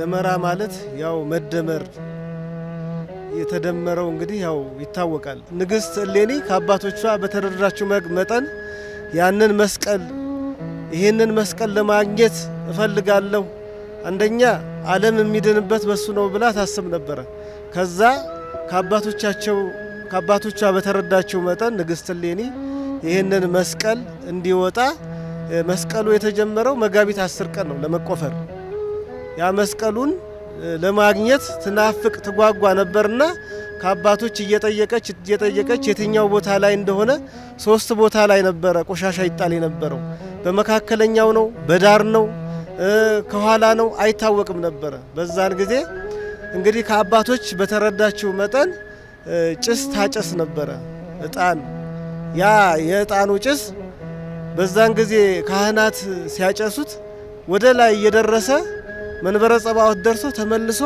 ደመራ ማለት ያው መደመር የተደመረው እንግዲህ ያው ይታወቃል። ንግስት እሌኒ ከአባቶቿ በተረዳችው መጠን ያንን መስቀል ይህንን መስቀል ለማግኘት እፈልጋለሁ፣ አንደኛ ዓለም የሚድንበት በሱ ነው ብላ ታስብ ነበረ። ከዛ ከአባቶቻቸው ከአባቶቿ በተረዳችው መጠን ንግስት እሌኒ ይህንን መስቀል እንዲወጣ መስቀሉ የተጀመረው መጋቢት አስር ቀን ነው ለመቆፈር ያ መስቀሉን ለማግኘት ትናፍቅ ትጓጓ ነበርና ከአባቶች እየጠየቀች እየጠየቀች የትኛው ቦታ ላይ እንደሆነ ሶስት ቦታ ላይ ነበረ ቆሻሻ ይጣል የነበረው። በመካከለኛው ነው፣ በዳር ነው፣ ከኋላ ነው፣ አይታወቅም ነበረ። በዛን ጊዜ እንግዲህ ከአባቶች በተረዳችው መጠን ጭስ ታጨስ ነበረ፣ እጣን። ያ የእጣኑ ጭስ በዛን ጊዜ ካህናት ሲያጨሱት ወደ ላይ እየደረሰ መንበረ ጸባዖት ደርሶ ተመልሶ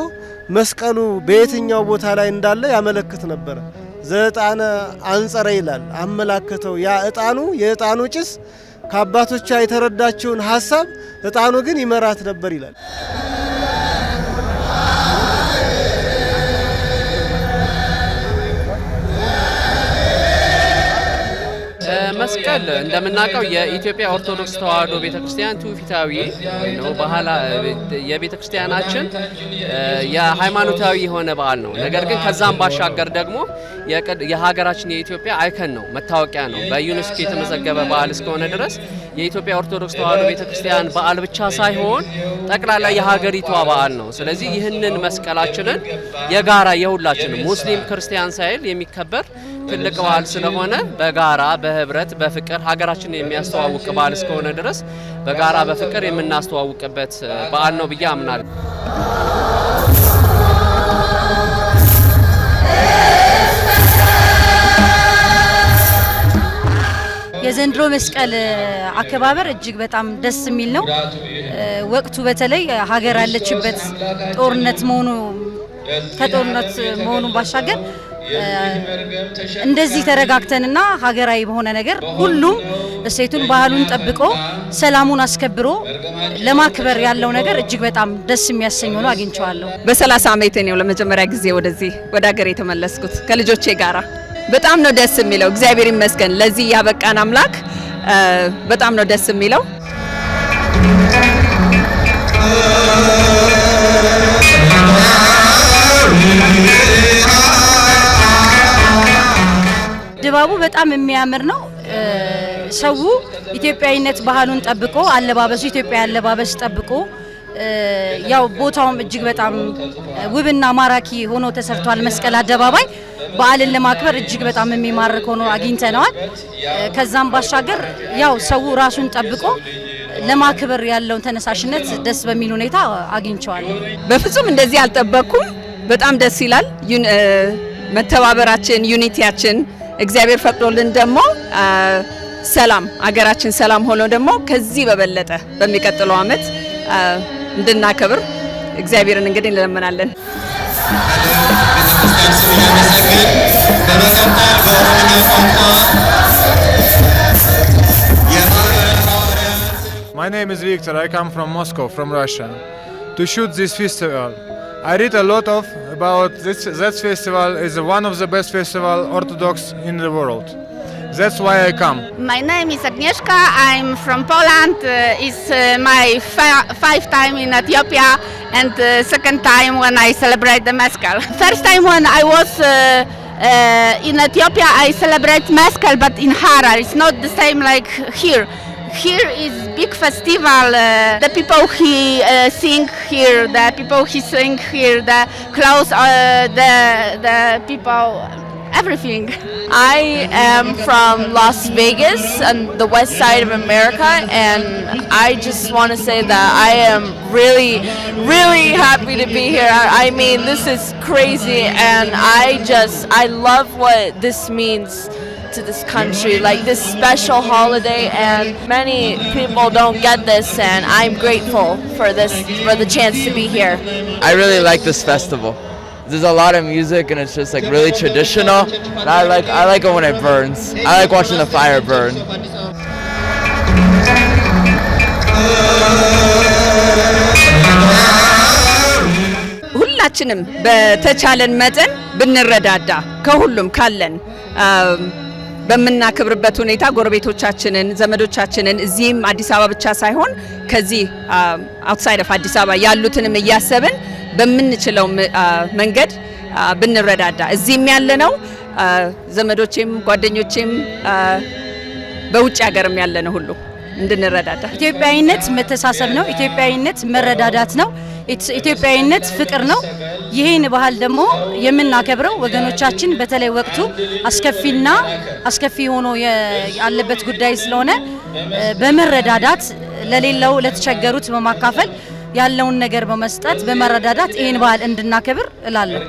መስቀሉ በየትኛው ቦታ ላይ እንዳለ ያመለክት ነበረ። ዘዕጣነ አንጸረ ይላል አመላከተው። ያ እጣኑ የዕጣኑ ጭስ ከአባቶቿ የተረዳችውን ሀሳብ እጣኑ ግን ይመራት ነበር ይላል። ይችላል። እንደምናውቀው የኢትዮጵያ ኦርቶዶክስ ተዋሕዶ ቤተክርስቲያን ትውፊታዊ ነው ባህላ የቤተክርስቲያናችን የሃይማኖታዊ የሆነ በዓል ነው። ነገር ግን ከዛም ባሻገር ደግሞ የሀገራችን የኢትዮጵያ አይከን ነው፣ መታወቂያ ነው። በዩኔስኮ የተመዘገበ በዓል እስከሆነ ድረስ የኢትዮጵያ ኦርቶዶክስ ተዋሕዶ ቤተክርስቲያን በዓል ብቻ ሳይሆን ጠቅላላ የሀገሪቷ በዓል ነው። ስለዚህ ይህንን መስቀላችንን የጋራ የሁላችንም ሙስሊም ክርስቲያን ሳይል የሚከበር ትልቅ በዓል ስለሆነ በጋራ በህብረት በፍቅር ሀገራችንን የሚያስተዋውቅ በዓል እስከሆነ ድረስ በጋራ በፍቅር የምናስተዋውቅበት በዓል ነው ብዬ አምናለሁ። የዘንድሮ መስቀል አከባበር እጅግ በጣም ደስ የሚል ነው። ወቅቱ በተለይ ሀገር ያለችበት ጦርነት መሆኑ ከጦርነት መሆኑን ባሻገር እንደዚህ ተረጋግተንና ሀገራዊ በሆነ ነገር ሁሉም እሴቱን ባህሉን ጠብቆ ሰላሙን አስከብሮ ለማክበር ያለው ነገር እጅግ በጣም ደስ የሚያሰኝ ሆኖ አግኝቼዋለሁ። በሰላሳ ዓመቴ ነው ለመጀመሪያ ጊዜ ወደዚህ ወደ ሀገር የተመለስኩት ከልጆቼ ጋራ በጣም ነው ደስ የሚለው። እግዚአብሔር ይመስገን ለዚህ ያበቃን አምላክ በጣም ነው ደስ የሚለው። ድባቡ በጣም የሚያምር ነው። ሰው ኢትዮጵያዊነት ባህሉን ጠብቆ አለባበሱ ኢትዮጵያ አለባበስ ጠብቆ ያው ቦታውም እጅግ በጣም ውብና ማራኪ ሆኖ ተሰርቷል መስቀል አደባባይ በዓልን ለማክበር እጅግ በጣም የሚማርክ ሆኖ አግኝተነዋል። ከዛም ባሻገር ያው ሰው ራሱን ጠብቆ ለማክበር ያለውን ተነሳሽነት ደስ በሚል ሁኔታ አግኝቸዋለሁ። በፍጹም እንደዚህ አልጠበቅኩም። በጣም ደስ ይላል። መተባበራችን፣ ዩኒቲያችን እግዚአብሔር ፈቅዶልን ደግሞ ሰላም አገራችን ሰላም ሆኖ ደግሞ ከዚህ በበለጠ በሚቀጥለው ዓመት እንድናከብር እግዚአብሔርን እንግዲህ እንለምናለን። My name is Viktor, I come from Moscow, from Russia, to shoot this festival. I read a lot of about this, that festival is one of the best festival Orthodox in the world. That's why I come. My name is Agnieszka. I'm from Poland. Uh, it's uh, my fi- time in Ethiopia and uh, second time when I celebrate the mezcal. First time when I was uh, uh, in Ethiopia, I celebrate mezcal, but in Harar. It's not the same like here. Here is big festival. Uh, the people he uh, sing here, the people he sing here, the clothes, uh, the the people everything. I am from Las Vegas and the west side of America, and I just want to say that I am really, really happy to be here. I mean, this is crazy, and I just, I love what this means to this country, like this special holiday, and many people don't get this, and I'm grateful for this, for the chance to be here. I really like this festival. there's a lot of music and it's just like really traditional. And I like I like it when it burns. I like watching the fire burn. ሁላችንም በተቻለን መጠን ብንረዳዳ ከሁሉም ካለን በምናከብርበት ሁኔታ ጎረቤቶቻችንን፣ ዘመዶቻችንን እዚህም አዲስ አበባ ብቻ ሳይሆን ከዚህ አውትሳይድ ኦፍ አዲስ አበባ ያሉትንም እያሰብን በምንችለው መንገድ ብንረዳዳ እዚህም ያለነው ዘመዶቼም ጓደኞቼም በውጭ ሀገርም ያለነው ሁሉ እንድንረዳዳ ኢትዮጵያዊነት መተሳሰብ ነው። ኢትዮጵያዊነት መረዳዳት ነው። ኢትዮጵያዊነት ፍቅር ነው። ይህን ባህል ደግሞ የምናከብረው ወገኖቻችን በተለይ ወቅቱ አስከፊና አስከፊ ሆኖ ያለበት ጉዳይ ስለሆነ በመረዳዳት ለሌለው ለተቸገሩት በማካፈል ያለውን ነገር በመስጠት በመረዳዳት ይህን ባህል እንድናከብር እላለሁ።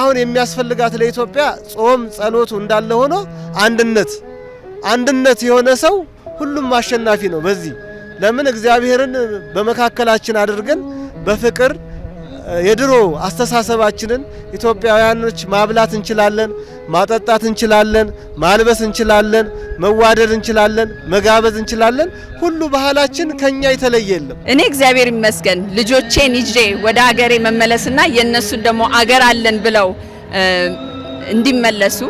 አሁን የሚያስፈልጋት ለኢትዮጵያ ጾም ጸሎቱ እንዳለ ሆኖ አንድነት አንድነት የሆነ ሰው ሁሉም አሸናፊ ነው በዚህ ለምን እግዚአብሔርን በመካከላችን አድርገን በፍቅር የድሮ አስተሳሰባችንን ኢትዮጵያውያኖች ማብላት እንችላለን፣ ማጠጣት እንችላለን፣ ማልበስ እንችላለን፣ መዋደድ እንችላለን፣ መጋበዝ እንችላለን። ሁሉ ባህላችን ከኛ የተለየ የለም። እኔ እግዚአብሔር ይመስገን ልጆቼን ይዤ ወደ አገሬ መመለስና የእነሱን ደግሞ አገር አለን ብለው እንዲመለሱ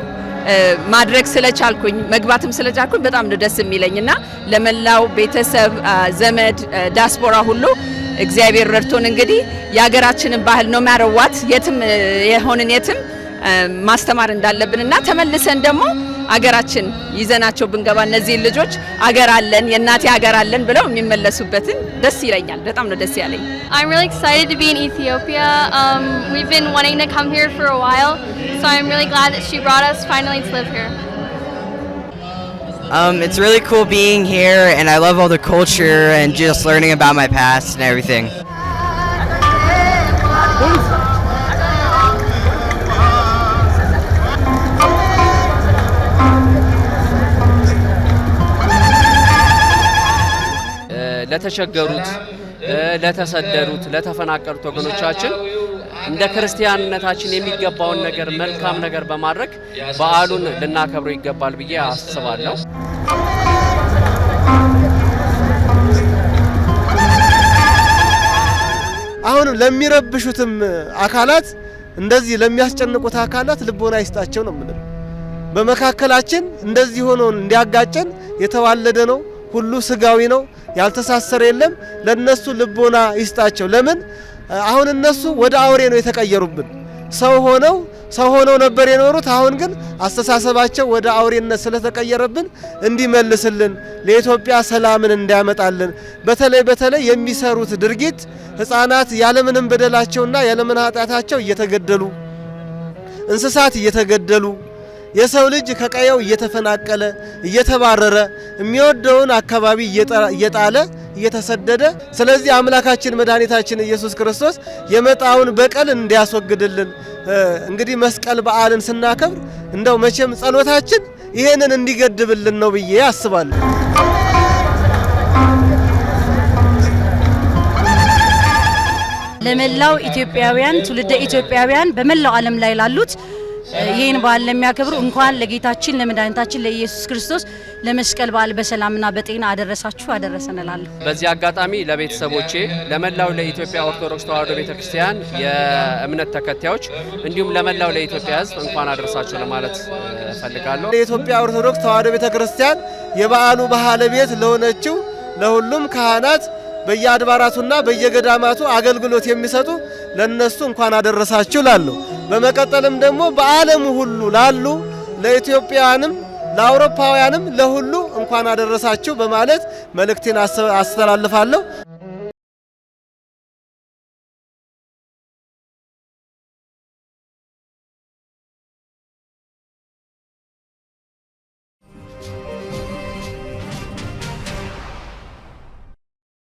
ማድረግ ስለቻልኩኝ መግባትም ስለቻልኩኝ በጣም ነው ደስ የሚለኝ እና ለመላው ቤተሰብ፣ ዘመድ፣ ዲያስፖራ ሁሉ እግዚአብሔር ረድቶን እንግዲህ የሀገራችንን ባህል ነው ማረዋት የትም የሆንን የትም ማስተማር እንዳለብን እና ተመልሰን ደግሞ አገራችን ይዘናቸው ብንገባ እነዚህን ልጆች አገር አለን የእናቴ አገር አለን ብለው የሚመለሱበትን ደስ ይለኛል። በጣም ነው ደስ ያለኝ። I'm really excited to be in Ethiopia. Um, we've been wanting to come here for a while, so I'm really glad that she brought us finally to live here. Um, it's really cool being here, and I love all the culture and just learning about my past and everything. ለተቸገሩት፣ ለተሰደዱት ለተፈናቀሉት ወገኖቻችን እንደ ክርስቲያንነታችን የሚገባውን ነገር መልካም ነገር በማድረግ በዓሉን ልናከብረው ይገባል ብዬ አስባለሁ። አሁን ለሚረብሹትም አካላት እንደዚህ ለሚያስጨንቁት አካላት ልቦና ይስጣቸው ነው የምንለው። በመካከላችን እንደዚህ ሆኖ እንዲያጋጨን የተዋለደ ነው። ሁሉ ስጋዊ ነው፣ ያልተሳሰረ የለም። ለነሱ ልቦና ይስጣቸው። ለምን አሁን እነሱ ወደ አውሬ ነው የተቀየሩብን። ሰው ሆነው ሰው ሆነው ነበር የኖሩት። አሁን ግን አስተሳሰባቸው ወደ አውሬነት ስለተቀየረብን እንዲመልስልን፣ ለኢትዮጵያ ሰላምን እንዲያመጣልን በተለይ በተለይ የሚሰሩት ድርጊት ህፃናት ያለምንም በደላቸውና ያለምን ኃጢአታቸው እየተገደሉ እንስሳት እየተገደሉ የሰው ልጅ ከቀየው እየተፈናቀለ እየተባረረ የሚወደውን አካባቢ እየጣለ እየተሰደደ፣ ስለዚህ አምላካችን መድኃኒታችን ኢየሱስ ክርስቶስ የመጣውን በቀል እንዲያስወግድልን እንግዲህ መስቀል በዓልን ስናከብር እንደው መቼም ጸሎታችን ይህንን እንዲገድብልን ነው ብዬ አስባለሁ። ለመላው ኢትዮጵያውያን ትውልደ ኢትዮጵያውያን በመላው ዓለም ላይ ላሉት ይህን በዓል ለሚያከብሩ እንኳን ለጌታችን ለመድኃኒታችን ለኢየሱስ ክርስቶስ ለመስቀል በዓል በሰላምና በጤና አደረሳችሁ አደረሰንላለሁ። በዚህ አጋጣሚ ለቤተሰቦቼ፣ ለመላው ለኢትዮጵያ ኦርቶዶክስ ተዋሕዶ ቤተ ክርስቲያን የእምነት ተከታዮች እንዲሁም ለመላው ለኢትዮጵያ ሕዝብ እንኳን አደረሳችሁ ለማለት እፈልጋለሁ። ለኢትዮጵያ ኦርቶዶክስ ተዋሕዶ ቤተ ክርስቲያን የበዓሉ ባለቤት ለሆነችው ለሁሉም ካህናት በየአድባራቱና በየገዳማቱ አገልግሎት የሚሰጡ ለነሱ እንኳን አደረሳችሁ ላለሁ። በመቀጠልም ደግሞ በዓለም ሁሉ ላሉ ለኢትዮጵያውያንም ለአውሮፓውያንም ለሁሉ እንኳን አደረሳችሁ በማለት መልእክቴን አስተላልፋለሁ።